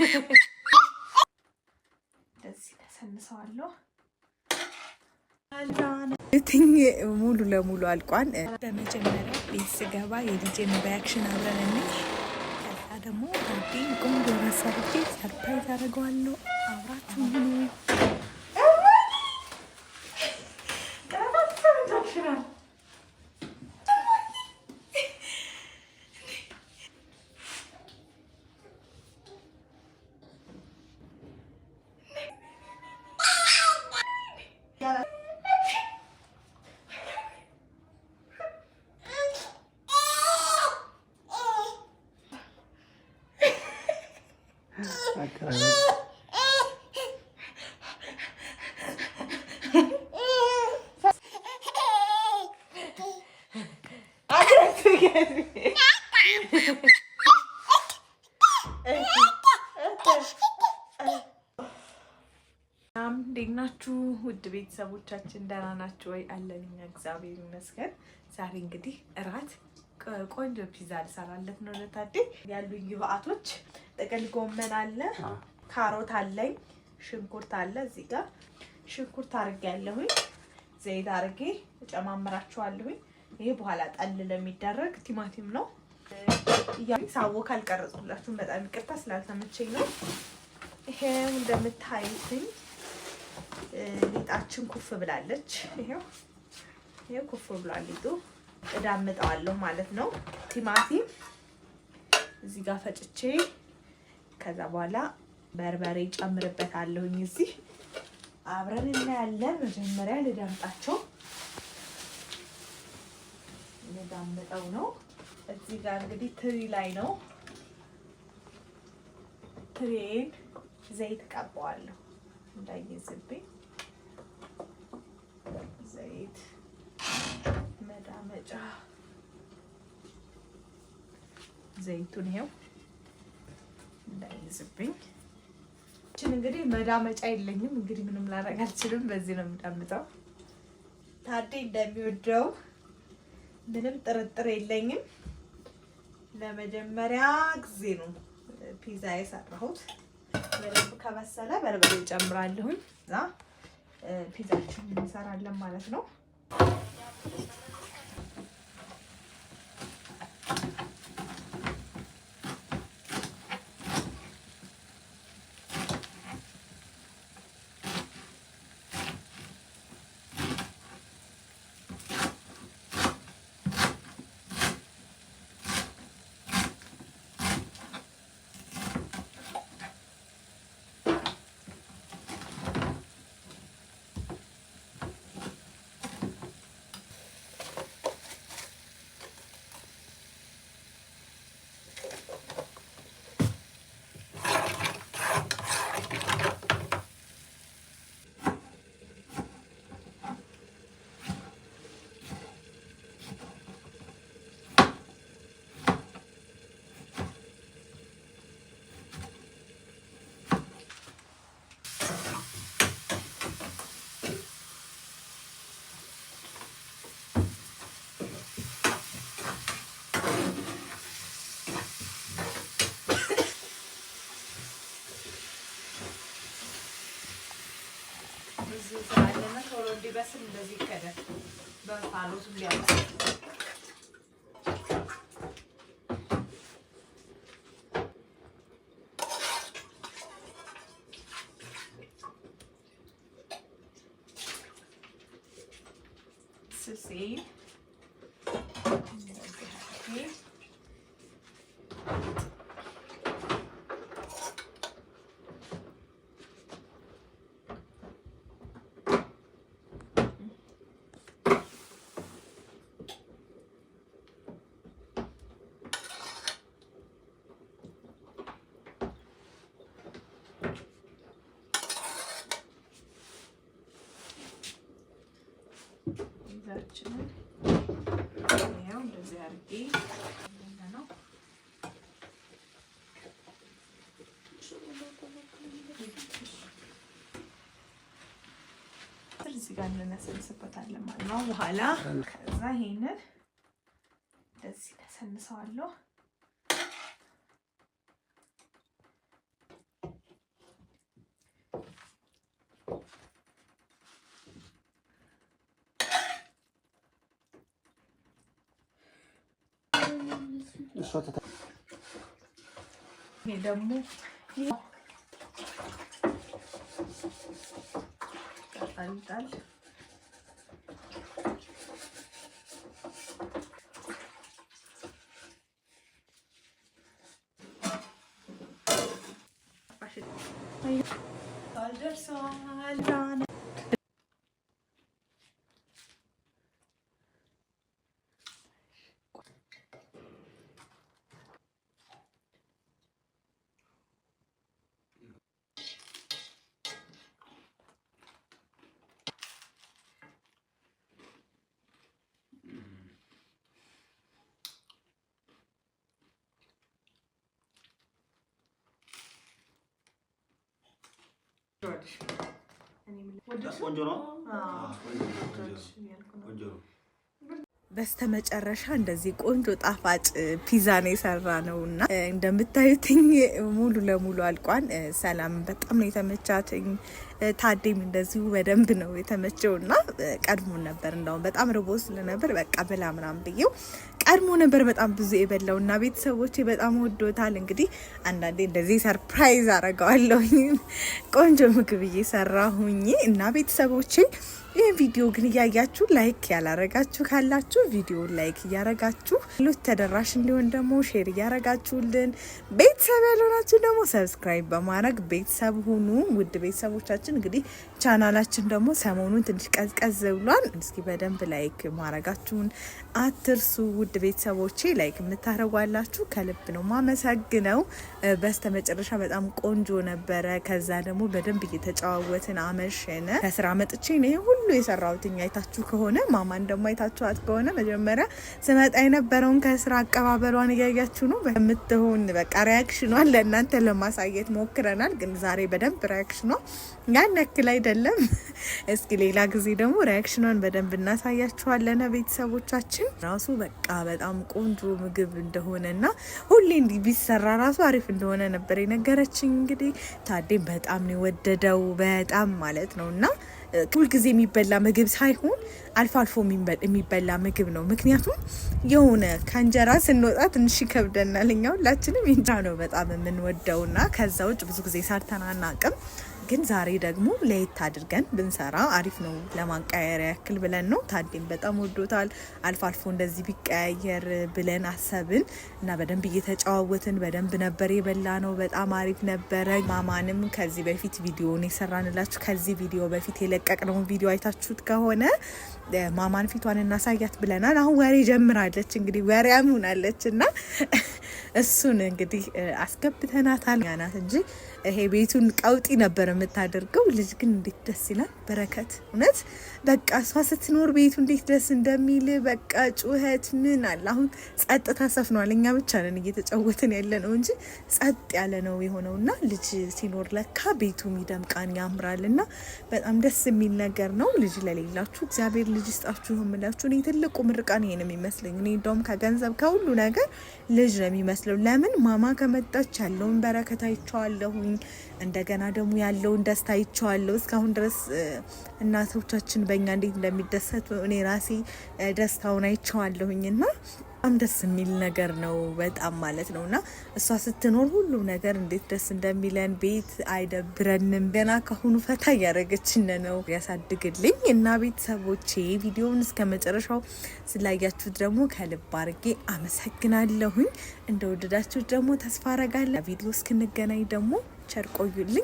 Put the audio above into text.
እንደዚህ ተሰንሰዋለሁ። ትኝ ሙሉ ለሙሉ አልቋን። በመጀመሪያ ቤት ስገባ የልጄን ሪያክሽን አብረን እኔ ከዛ ደግሞ ዳዴ ቁንጆ ሰርቼ ሰርፕራይዝ አደርገዋለሁ። አብራችሁ ሁኑ። ውድ ቤተሰቦቻችን ደህና ናችሁ ወይ? አለን እኛ እግዚአብሔር ይመስገን። ዛሬ እንግዲህ እራት ቆንጆ ፒዛ ልሰራለት ነው ለታዴ። ያሉኝ ግብአቶች ጥቅል ጎመን አለ፣ ካሮት አለኝ፣ ሽንኩርት አለ። እዚህ ጋር ሽንኩርት አርጌ ያለሁኝ ዘይት አርጌ እጨማምራችኋለሁኝ። ይሄ በኋላ ጠል ለሚደረግ ቲማቲም ነው። ሳቦ ካልቀረጽኩላችሁም በጣም ይቅርታ ስላልተመቸኝ ነው። ይሄ እንደምታዩትኝ ሊጣችን ኩፍ ብላለች። ይሄው ይሄው ኩፍ ብሏል ሊጡ። እዳምጠዋለሁ ማለት ነው። ቲማቲም እዚህ ጋር ፈጭቼ ከዛ በኋላ በርበሬ ጨምርበታለሁኝ። እዚህ አብረን እናያለን። መጀመሪያ ልዳምጣቸው ልዳምጠው ነው። እዚህ ጋር እንግዲህ ትሪ ላይ ነው። ትሬን ዘይት ቀባዋለሁ እንዳይዝብኝ ዘይት መዳመጫ ዘይቱን ይሄው እንዳይዝብኝ። ይችን እንግዲህ መዳመጫ የለኝም፣ እንግዲህ ምንም ላደርግ አልችልም። በዚህ ነው የምዳምጠው። ታዴ እንደሚወደው ምንም ጥርጥር የለኝም። ለመጀመሪያ ጊዜ ነው ፒዛ የሰራሁት። በደንብ ከበሰለ በርበሬ ጨምራለሁኝ እዛ ፒዛችን እንሰራለን ማለት ነው። እዚህ ስላለና ቶሎ እንዲበስል እንደዚህ ይከደን። በፋሎቱ እንዲያበስል ስልሴ ዘርችንን ያው እንደዚህ አድርጌ እዚህ ጋር እንነሰንስበታለን ማለት ነው። በኋላ ከዛ ይሄንን እንደዚህ ነሰንሰዋለሁ። እሷ ተታ ይሄ ደግሞ ይጣል ደርሷል ቆንጆ ነው። በስተመጨረሻ እንደዚህ ቆንጆ ጣፋጭ ፒዛ ነው የሰራ ነው እና እንደምታዩትኝ ሙሉ ለሙሉ አልቋን። ሰላም በጣም ነው የተመቻትኝ። ታዴም እንደዚሁ በደንብ ነው የተመቸውና ቀድሞ ነበር። እንደውም በጣም ርቦ ስለነበር በቃ ብላ ምናምን ብዬው ቀድሞ ነበር በጣም ብዙ የበላው እና ቤተሰቦቼ በጣም ወዶታል። እንግዲህ አንዳንዴ እንደዚህ ሰርፕራይዝ አረገዋለሁኝ ቆንጆ ምግብ እየሰራሁኝ እና ቤተሰቦቼ ይህ ቪዲዮ ግን እያያችሁ ላይክ ያላረጋችሁ ካላችሁ ቪዲዮ ላይክ እያረጋችሁ ሉት ተደራሽ እንዲሆን ደግሞ ሼር እያረጋችሁልን ቤተሰብ ያልሆናችሁ ደግሞ ሰብስክራይብ በማድረግ ቤተሰብ ሁኑ። ውድ ቤተሰቦቻችን እንግዲህ ቻናላችን ደግሞ ሰሞኑን ትንሽ ቀዝቀዝ ብሏል። እስኪ በደንብ ላይክ ማረጋችሁን አትርሱ። ውድ ቤተሰቦቼ ላይክ የምታደረጓላችሁ ከልብ ነው ማመሰግነው። በስተ መጨረሻ በጣም ቆንጆ ነበረ። ከዛ ደግሞ በደንብ እየተጫዋወትን አመሸነ። ከስራ መጥቼ ነው ሁሉ ሁሉ የሰራሁትኝ አይታችሁ ከሆነ ማማን ደግሞ አይታችኋት ከሆነ መጀመሪያ ስመጣ የነበረውን ከስራ አቀባበሏን እያያችሁ ነው። በምትሆን በቃ ሪያክሽኗን ለእናንተ ለማሳየት ሞክረናል። ግን ዛሬ በደንብ ሪያክሽኗ ያን ያክል አይደለም። እስኪ ሌላ ጊዜ ደግሞ ሪያክሽኗን በደንብ እናሳያችኋለን። ቤተሰቦቻችን ራሱ በቃ በጣም ቆንጆ ምግብ እንደሆነና ሁሌ እንዲህ ቢሰራ ራሱ አሪፍ እንደሆነ ነበር የነገረችኝ። እንግዲህ ታዴ በጣም ነው የወደደው በጣም ማለት ነው እና ሁልጊዜ የሚበላ ምግብ ሳይሆን አልፎ አልፎ የሚበላ ምግብ ነው። ምክንያቱም የሆነ ከእንጀራ ስንወጣ ትንሽ ይከብደናል። እኛ ሁላችንም እንጀራ ነው በጣም የምንወደውና ከዛ ውጭ ብዙ ጊዜ ሰርተን አናቅም። ግን ዛሬ ደግሞ ለየት አድርገን ብንሰራ አሪፍ ነው፣ ለማቀያየር ያክል ብለን ነው። ታዴም በጣም ወዶታል። አልፎ አልፎ እንደዚህ ቢቀያየር ብለን አሰብን እና በደንብ እየተጫዋወትን በደንብ ነበር የበላ ነው። በጣም አሪፍ ነበረ። ማማንም ከዚህ በፊት ቪዲዮን የሰራንላችሁ ከዚህ ቪዲዮ በፊት የለቀቅነውን ቪዲዮ አይታችሁት ከሆነ ማማን ፊቷን እናሳያት ብለናል። አሁን ወሬ ጀምራለች እንግዲህ ወሬያም ሆናለች እና እሱን እንግዲህ አስገብተናታል ያናት እንጂ ይሄ ቤቱን ቀውጢ ነበር የምታደርገው። ልጅ ግን እንዴት ደስ ይላል። በረከት እውነት በቃ እሷ ስትኖር ቤቱ እንዴት ደስ እንደሚል በቃ ጩኸት ምን አለ። አሁን ጸጥታ ሰፍኗል። እኛ ብቻ ነን እየተጫወትን ያለ ነው እንጂ ጸጥ ያለ ነው የሆነው። እና ልጅ ሲኖር ለካ ቤቱም ይደምቃን ያምራል። እና በጣም ደስ የሚል ነገር ነው። ልጅ ለሌላችሁ እግዚአብሔር ልጅ ይስጣችሁ የምላችሁ እኔ ትልቁ ምርቃን ይሄን የሚመስለኝ እኔ እንደውም ከገንዘብ ከሁሉ ነገር ልጅ ነው የሚመስለው። ለምን ማማ ከመጣች ያለውን በረከት አይቼዋለሁ። እንደገና ደግሞ ያለውን ደስታ አይቼዋለሁ። እስካሁን ድረስ እናቶቻችን በእኛ እንዴት እንደሚደሰቱ እኔ ራሴ ደስታውን አይቼዋለሁኝ እና በጣም ደስ የሚል ነገር ነው። በጣም ማለት ነው እና እሷ ስትኖር ሁሉ ነገር እንዴት ደስ እንደሚለን ቤት አይደብረንም። ገና ከሁኑ ፈታ እያደረገችን ነው። ያሳድግልኝ እና ቤተሰቦቼ ቪዲዮውን እስከ መጨረሻው ስላያችሁት ደግሞ ከልብ አድርጌ አመሰግናለሁኝ። እንደወደዳችሁት ደግሞ ተስፋ አረጋለሁ። ቪዲዮ እስክንገናኝ ደግሞ ቸር ቆዩልኝ።